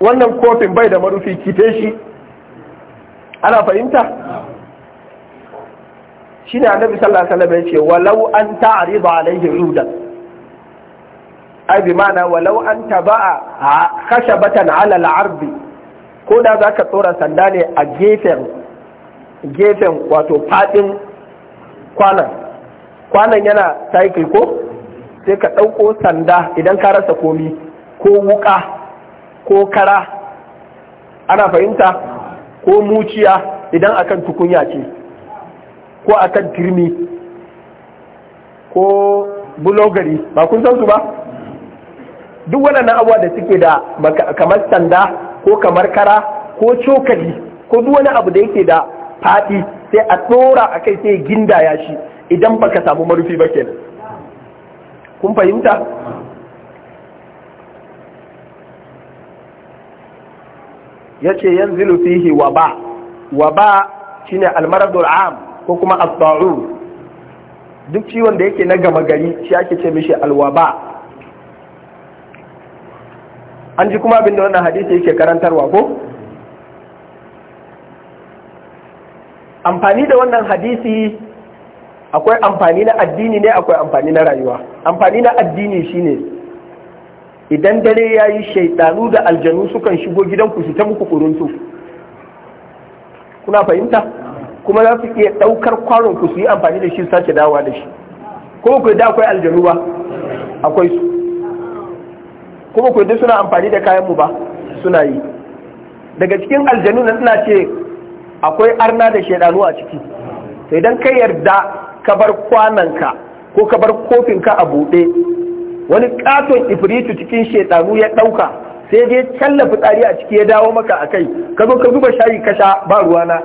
wannan kofin bai da marufi kite shi ana fahimta Shina annabi sallallahu alaihi wasallam ce walau an ta'ridu alaihi rudan ai bi ma'ana walau an taba'a khashabatan ala al-ard ko da zaka tsora sanda ne a gefen gefen wato fadin kwanan kwanan yana cycle ko sai ka ɗauko sanda idan ka rasa komi ko wuka ko kara ana fahimta ko muciya idan akan tukunya ce ko akan kirmi ko bulogari ba kun san su ba duk waɗannan abuwa da suke da kamar sanda ko kamar kara ko cokali ko duk wani abu da yake da fadi sai a ɗora a kai sai gindaya shi idan baka samu marufi ba kenan kun fahimta ya ce yanzu fihi wa ba wa ba shine almaradul am ko kuma asba'u duk ciwon da yake na gama gari shi ake ce mishi alwaba an ji kuma abin da wannan hadisi yake karantarwa ko amfani da wannan hadisi akwai amfani na addini ne akwai amfani na rayuwa amfani na addini shine idan dare ya yi shaidanu da aljanu sukan shigo gidanku su ta muku kuruntu kuna fahimta kuma za su iya ɗaukar kwaron ku su yi amfani da shi sace dawa da shi kuma ku da akwai aljanu ba akwai su kuma ku da suna amfani da kayan mu ba suna yi daga cikin aljanu na suna ce akwai arna da shaidanu a ciki to idan ka yarda ka bar kwananka ko ka bar kofin ka a buɗe wani katon ifritu cikin shaidanu ya ɗauka sai je tallafi tsari a ciki ya dawo maka a kai ka zo ka zuba shayi ka sha ba ruwana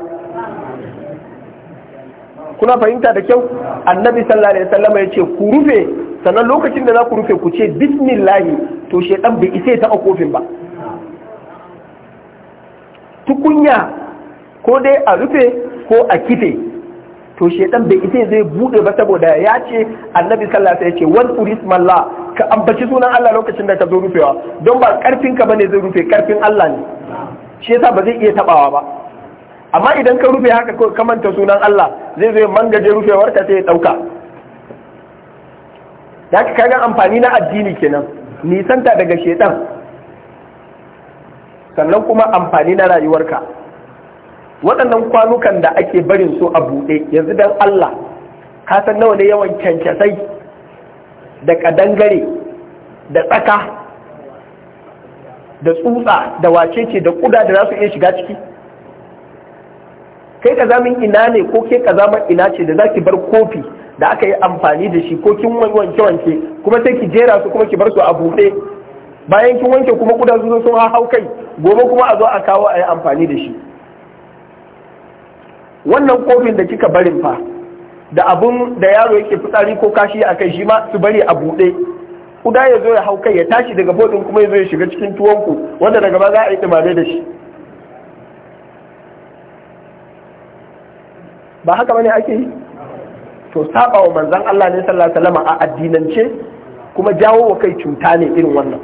kuna fahimta da kyau annabi sallallahu alaihi wasallam ya ce ku rufe sannan lokacin da za ku rufe ku ce bismillah to shedan bai isa ta kofin ba tukunya ko dai a rufe ko a kife to shedan bai isa zai bude ba saboda ya ce annabi sallallahu alaihi wasallam ya ce wan urismallah ka ambaci sunan Allah lokacin da ka zo rufewa don ba karfin ka bane zai rufe karfin Allah ne shi yasa ba zai iya tabawa ba amma idan ka rufe haka ka manta sunan Allah zai zo mangaje rufewar ka sai ya dauka ya ka kagan amfani na addini kenan nisanta daga shedan sannan kuma amfani na rayuwarka waɗannan kwanukan da ake barin su a buɗe yanzu don Allah ka san nawa ne yawan kyankyasai da ƙadangare, da tsaka da tsutsa da wacece da kuda da za su iya shiga ciki kai kazamin ina ne ko ke zama ina ce da zaki bar kofi da aka yi amfani da shi ko kin wanke wanke kuma sai ki jera su kuma ki bar su a buɗe bayan kin wanke kuma kuda zuwa sun hau kai gobe kuma a zo a kawo a yi amfani da shi wannan kofin da kika barin fa da abun da yaro yake fitsari ko kashi a kai shi ma su bari a buɗe kuda ya zo ya hau kai ya tashi daga bodin kuma ya zo ya shiga cikin tuwonku wanda daga ba za a yi tumare da shi ba haka bane ake yi to saba wa manzan Allah ne sallallahu alaihi wasallam a addinance kuma jawo wa kai cuta ne irin wannan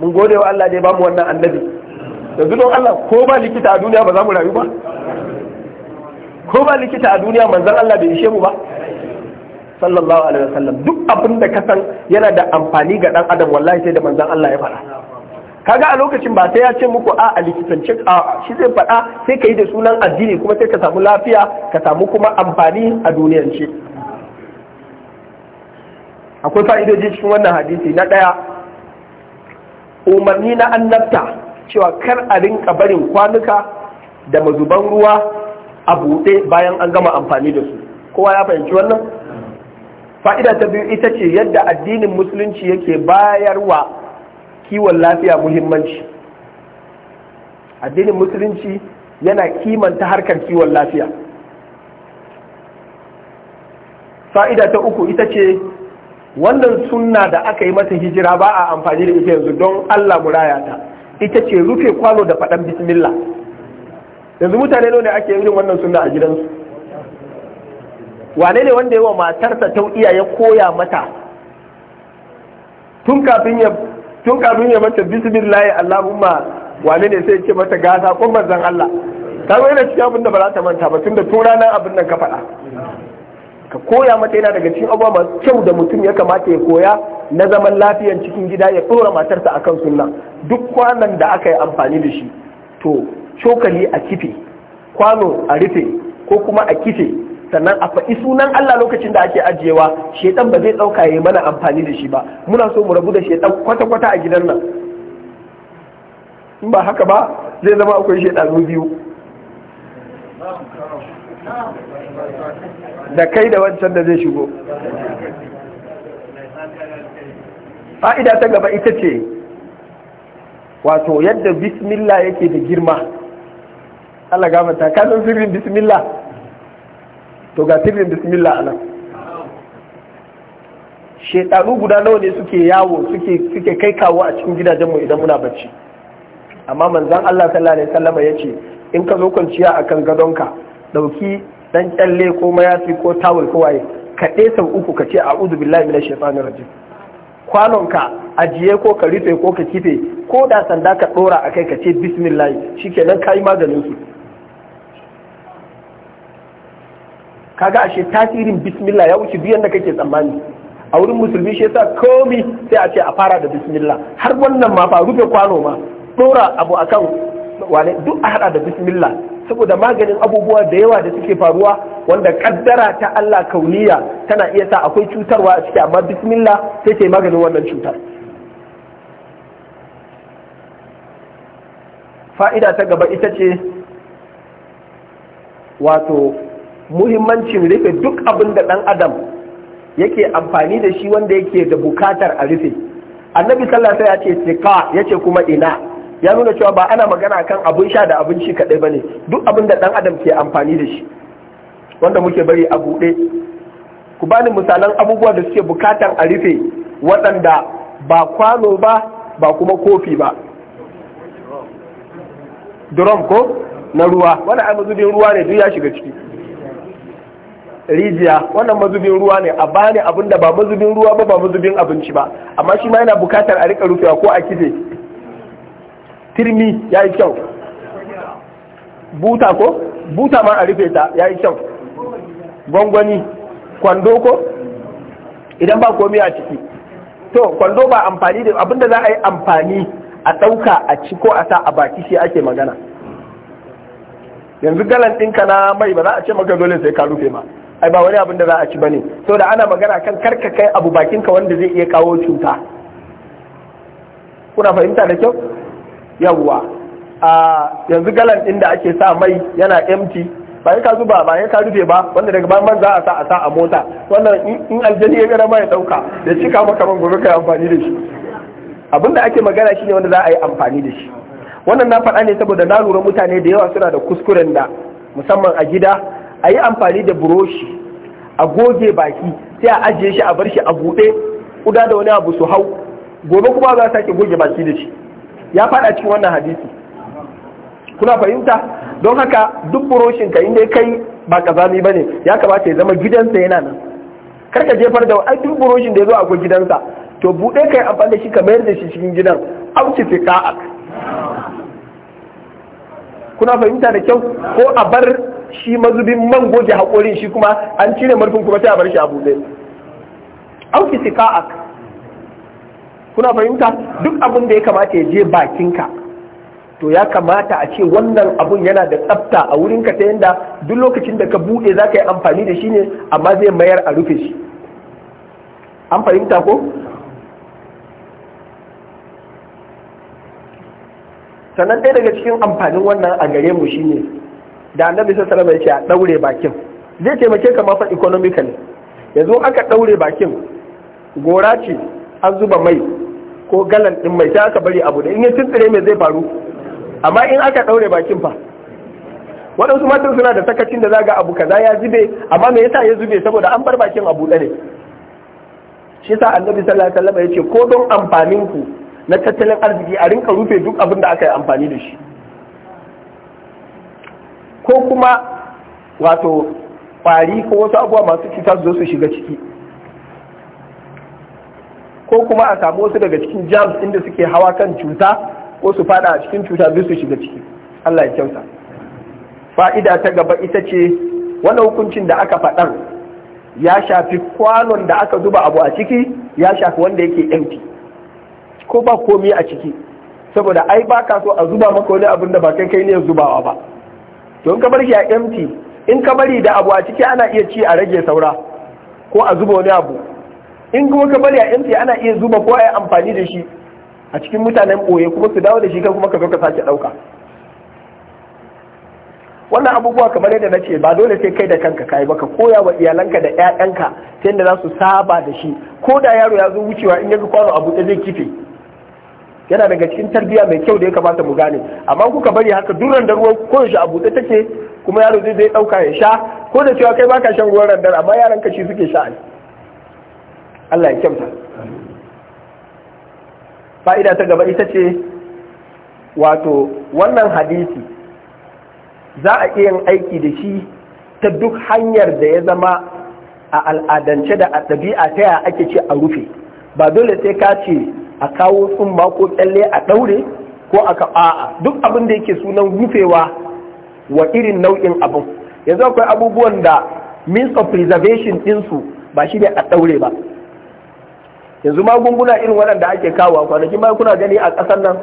mun gode wa Allah da ya bamu wannan annabi yanzu don Allah ko ba likita a duniya ba za mu rayu ba ko ba likita a duniya manzan Allah bai ishe mu ba sallallahu alaihi wasallam duk abin da ka san yana da amfani ga dan adam wallahi sai da manzan Allah ya faɗa kaga a lokacin ba sai ya ce muku a a likitance a shi zai faɗa sai ka yi da sunan addini kuma sai ka samu lafiya ka samu kuma amfani a duniyance akwai fa'idoji cikin wannan hadisi na ɗaya umarni na annabta cewa kar a rinka barin kwanuka da mazuban ruwa a buɗe bayan an gama amfani da su kowa ya fahimci wannan fa'ida ta biyu ita ce yadda addinin musulunci yake bayarwa kiwon lafiya muhimmanci addinin musulunci yana kimanta harkar kiwon lafiya fa'ida ta uku ita ce wannan sunna da aka yi mata hijira ba a amfani da ita yanzu don Allah muraya ta ita ce rufe kwano da faɗan bismillah yanzu mutane ne ake yin wannan sunna a gidansu wane ne wanda yawa matarsa tau'iya ya koya mata tun kafin ya tun kafin ya mata bismillahi allahumma wane ne sai ce mata ga sakon manzon Allah ta zo yana cikin abin da ba za ta manta ba tunda tun ranar abin nan ka faɗa ka koya mata yana daga cikin abubuwa masu kyau da mutum ya kamata ya koya na zaman lafiyan cikin gida ya ɗora matarsa akan sunna duk kwanan da aka yi amfani da shi to cokali a kife kwano a rufe ko kuma a kife sannan a faɗi sunan Allah lokacin da ake ajiyewa shaitan ba zai ɗauka ya yi mana amfani da shi ba muna so mu rabu da shaitan kwata-kwata a gidan nan in ba haka ba zai zama akwai mu biyu da kai da wancan da zai shigo fa'ida ta gaba ita ce wato yadda bismillah yake da girma Allah gamata kasan sirrin bismillah to ga bismillah anan shekaru guda nawa ne suke yawo suke kai kawo a cikin gidajenmu idan muna bacci amma manzan Allah sallallahu alaihi ya ce, in ka zo kwanciya akan gadonka dauki dan kyalle ko mayafi ko tawul ko waye ka sau uku ka ce a'udhu billahi minash shaitanir rajim kwanonka ajiye ko ka rufe ko ka kife ko da sanda ka dora akai ka ce bismillah shikenan kai maganin su Ka ga ashe tasirin bismillah ya wuce biyan da kake tsammani a wurin musulmi shi yasa komi sai a ce a fara da bismillah har wannan ma fa rufe kwano ma dora abu akan wane duk a hada da bismillah saboda maganin abubuwa da yawa da suke faruwa wanda kaddara ta Allah kauniya tana iya sa akwai cutarwa a ciki amma bismillah sai ke maganin wannan cutar fa'ida ta gaba ita ce wato muhimmancin rufe duk abin da ɗan adam yake amfani da shi wanda yake da bukatar a rufe annabi sallallahu ya ce tika ya ce kuma ina ya nuna cewa ba ana magana kan abin sha da abinci kaɗai ba ne duk abin da ɗan adam ke amfani da shi wanda muke bari a buɗe ku bani misalan abubuwa da suke bukatar a rufe waɗanda ba kwano ba ba kuma kofi ba drum ko na ruwa wani ai zubin ruwa ne duk ya shiga ciki rijiya wannan mazubin ruwa ne a bani abin da ba mazubin ruwa ba ba mazubin abinci ba amma shi ma yana bukatar a rika rufewa ko a kife turmi ya yi kyau buta ko buta ma a rufe ta ya yi kyau gwangwani kwando ko idan ba komi a ciki to kwando ba amfani da abinda za a yi amfani a ɗauka a ci ko a sa a baki shi ake magana yanzu galan ɗinka na mai ba za a ce maka dole sai ka rufe ma ai ba wani abin da za a ci bane da ana magana kan karka kai abu bakin ka wanda zai iya kawo cuta kuna fahimta da kyau yawwa a yanzu galan din da ake sa mai yana empty ba ya zuba ba ya ka rufe ba wanda daga bayan za a sa a sa a mota wannan in aljani ya gara ma ya dauka da cika maka man gobe kai amfani da shi abin da ake magana shine wanda za a yi amfani da shi wannan na faɗa ne saboda na lura mutane da yawa suna da kuskuren da musamman a gida a yi amfani da buroshi a goge baki sai a ajiye shi a bar shi a buɗe ƙuda da wani abu su hau gobe kuma za a sake goge baki da shi ya faɗa cikin wannan hadisi kuna fahimta don haka duk buroshin ka inda kai ba kazami ne ya kamata ya zama gidansa yana nan kar ka jefar da ai duk buroshin da ya zo akwai gidansa to buɗe kai amfani da shi ka mayar da shi cikin gidan auki fika'ak kuna fahimta da kyau ko a bar shi mazubin man goge haƙorin shi kuma an cire marfin kuma sai a bar shi a buɗe auki ak. kuna fahimta duk abin da ya kamata ya je bakinka to ya kamata a ce wannan abun yana da tsafta a wurinka ta yadda duk lokacin da ka buɗe za ka yi amfani da shi ne amma zai mayar a rufe shi an fahimta ko sannan ɗaya daga cikin amfanin wannan a gare mu shine da annabi sallallahu ya ce a daure bakin zai taimake ka masa economically yanzu aka daure bakin gora ce an zuba mai ko galan din mai sai aka bari abu da in ya tuntsire mai zai faru amma in aka daure bakin fa waɗansu matan suna da sakacin da zaga abu kaza ya zube amma me yasa ya zube saboda an bar bakin abu ɗane shi sa annabi sallallahu alaihi ya ce ko don amfaninku na tattalin arziki a rinka rufe duk abin da aka yi amfani da shi ko kuma wato kwari ko wasu abubuwa masu cuta su zo su shiga ciki ko kuma a samu wasu daga cikin jams inda suke hawa kan cuta ko su fada a cikin cuta zai su shiga ciki Allah ya kyauta fa'ida ta gaba ita ce wani hukuncin da aka faɗar ya shafi kwanon da aka zuba abu a ciki ya shafi wanda yake empty ko ba komi a ciki saboda ai ba ka so a zuba maka wani abin da ba kai kai ne zubawa ba to in ka bar shi a empty in ka bari da abu a ciki ana iya ci a rage saura ko a zuba wani abu in kuma ka bari a empty ana iya zuba ko a yi amfani da shi a cikin mutanen ɓoye kuma su dawo da shi kan kuma ka zo ka sake ɗauka wannan abubuwa kamar yadda na ce ba dole sai kai da kanka kai ba ka koya wa iyalanka da 'ya'yanka ta yadda za su saba da shi ko da yaro ya zo wucewa in ya ga kwano abu da zai kife yana daga cikin tarbiyya mai kyau da ya kamata mu gane amma kuka bari haka duran da ruwan koyaushe a buɗe take kuma yaro zai zai ɗauka ya sha ko da cewa kai baka shan ruwan randar amma yaran ka shi suke sha ne Allah ya kyauta fa'ida ta gaba ita ce wato wannan hadisi za a iya yin aiki da shi ta duk hanyar da ya zama a al'adance da a ɗabi'a ta ya ake ce a rufe ba dole sai ka ce a kawo ba ko tsalle a ɗaure ko a a'a duk abin da yake sunan rufewa wa irin nau'in abin yanzu akwai abubuwan da means of preservation ɗinsu ba shi ne a ɗaure ba yanzu magunguna irin waɗanda ake kawo a kwanaki ma kuna gani a ƙasar nan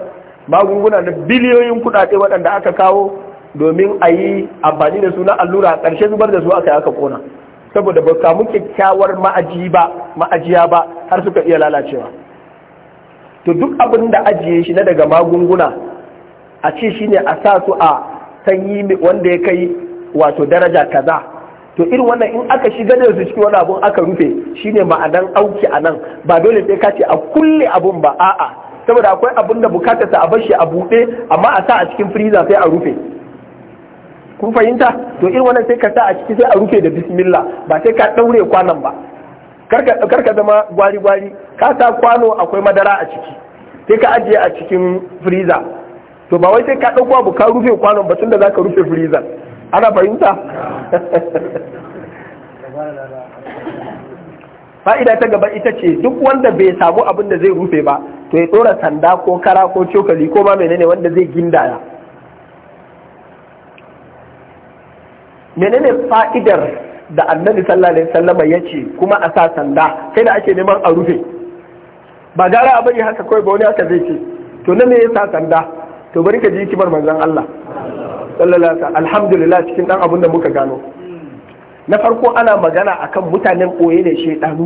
magunguna na biliyoyin kuɗaɗe waɗanda aka kawo domin a yi amfani da su na allura a ƙarshe zubar da su aka yi aka kona saboda ba samu kyakkyawar ma'aji ba ma'ajiya ba har suka iya lalacewa to duk abin da ajiye shi na daga magunguna a ce shine a sa su a sanyi wanda ya kai wato daraja kaza to irin wannan in aka shiga da su cikin wani abun aka rufe shine ma'anan auki a nan ba dole sai ka ce a kulle abun ba a'a saboda akwai abun da bukatar ta a bar a buɗe amma a sa a cikin freezer sai a rufe kun fahimta to irin wannan sai ka sa a ciki sai a rufe da bismillah ba sai ka ɗaure kwanan ba karka zama gwari-gwari ka sa kwano akwai madara a ciki sai ka ajiye a cikin freezer to ba wai sai ka ɗauko abu ka rufe kwanon batun da za ka rufe freezer ana fahimta fa'ida ta gaba ita ce duk wanda bai samu abin da zai rufe ba to ya ɗora sanda ko kara ko cokali ko ma menene wanda zai gindaya menene fa'idar da annabi sallallahu alaihi ya ce kuma a sa sanda sai da ake neman a rufe ba gara a bari haka kawai ba wani haka zai ce to nan ne ya sa sanda to bari ka ji kibar manzon Allah sallallahu alaihi wasallam alhamdulillah cikin dan abun da muka gano na farko ana magana akan mutanen koye ne shedanu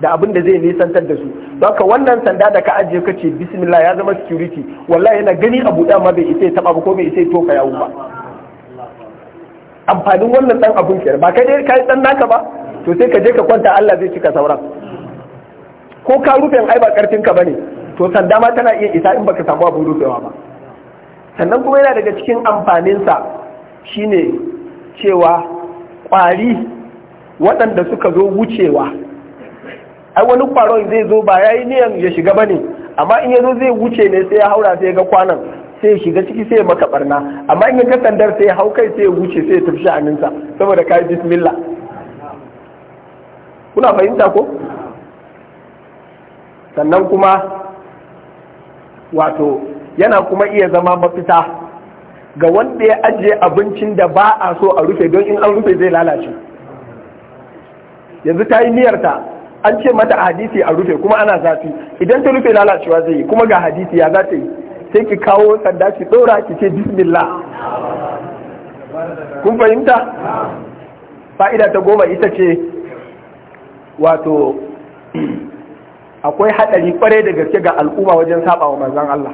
da abin da zai nisantar da su ka wannan sanda da ka ajiye ka ce bismillah ya zama security wallahi yana gani abu da ma bai isa ya taba ba ko bai isa ya toka yawo ba amfanin wannan dan abun kenan ba kai dai kai dan naka ba to sai ka je ka kwanta Allah zai cika sauran ko ka rufe ai ba karfin ka bane to sanda ma tana iya isa in baka samu abun rufewa ba sannan kuma yana daga cikin amfanin sa shine cewa kwari waɗanda suka zo wucewa ai wani kwaron zai zo ba yayi niyan ya shiga bane amma in ya zo zai wuce ne sai ya haura sai ya ga kwanan sai shiga ciki sai maka barna amma in ga sandar sai hau kai sai wuce sai tafi sha'aninsa saboda kai bismillah kuna fahimta ko sannan kuma wato yana kuma iya zama mafita ga wanda ya ajiye abincin da ba a so a rufe don in an rufe zai lalace yanzu ta yi niyarta an ce mata a hadisi a rufe kuma ana zafi idan ta rufe lalacewa zai yi kuma ga hadisi ya za ta yi sai ki kawo sanda ki dora ki ce bismillah kun fahimta fa'ida ta goma ita ce wato akwai hadari kwarai da gaske ga al'umma wajen saba wa manzon Allah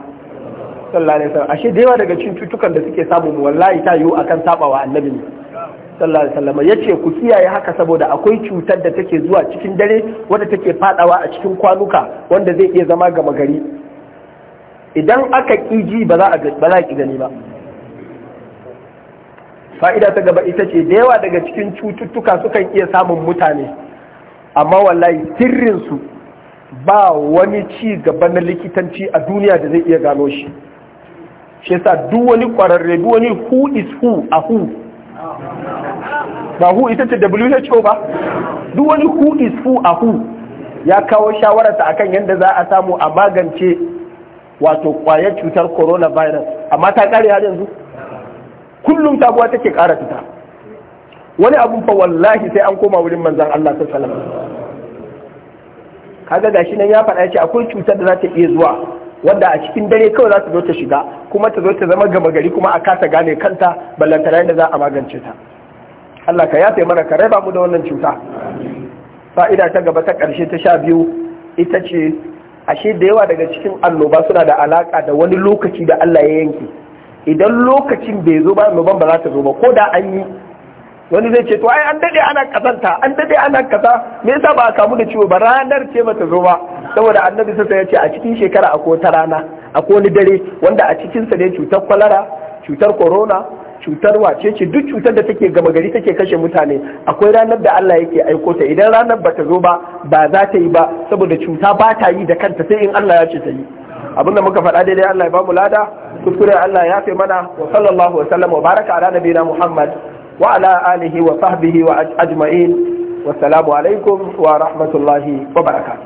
sallallahu alaihi wasallam ashe da yawa daga cikin cutukan da suke samu mu wallahi ta yiwu akan saba wa annabi sallallahu alaihi wasallam yace ku kiyaye haka saboda akwai cutar da take zuwa cikin dare wadda take fadawa a cikin kwanuka wanda zai iya zama gama gari idan aka ƙiji ba za a ƙi gani ba fa'ida ta gaba ita ce da yawa daga cikin cututtuka sukan iya samun mutane amma wallahi sirrinsu ba wani ci gaba na likitanci a duniya da zai iya gano shi shi sa duk wani ƙwararre duk wani who is who a who ba who ita ce WHO ba duk wani who is who a who ya kawo shawararsa akan yadda za a samu a magance wato kwayar cutar coronavirus amma ta kare har yanzu kullum ta sabuwa take kara fita wani abun fa wallahi sai an koma wurin manzon Allah sallallahu alaihi kaga gashi nan ya faɗa ce akwai cutar da za ta iya zuwa wanda a cikin dare kawai za ta zo ta shiga kuma ta zo ta zama gama gari kuma a kasa gane kanta ballantana yadda za a magance ta Allah ka yafe mana ka raba mu da wannan cuta fa'ida ta gaba ta karshe ta sha biyu ita ce ashe da yawa daga cikin annoba suna da alaka da wani lokaci da Allah ya yanke idan lokacin bai zo ba annoban ba za ta zo ba ko da an yi wani zai ce to ai an dade ana kazanta an dade ana kasa me yasa ba a kamu da ciwo ba ranar ce ba ta zo ba saboda annabi ta ya ce a cikin shekara akwai wata rana akwai wani dare wanda a cikin sa ne cutar kwalara cutar corona cutar wace ce duk cutar da take gama gari take kashe mutane akwai ranar da Allah yake aiko ta idan ranar bata zo ba ba za ta yi ba saboda cuta ba ta yi da kanta sai in Allah ya ce ta yi abinda muka faɗa daidai Allah ya ba mu lada kuskure Allah ya fi mana wa sallallahu wa sallam wa baraka ala nabiyina Muhammad wa ala alihi wa sahbihi wa ajma'in wa salamu alaikum wa rahmatullahi wa barakatuh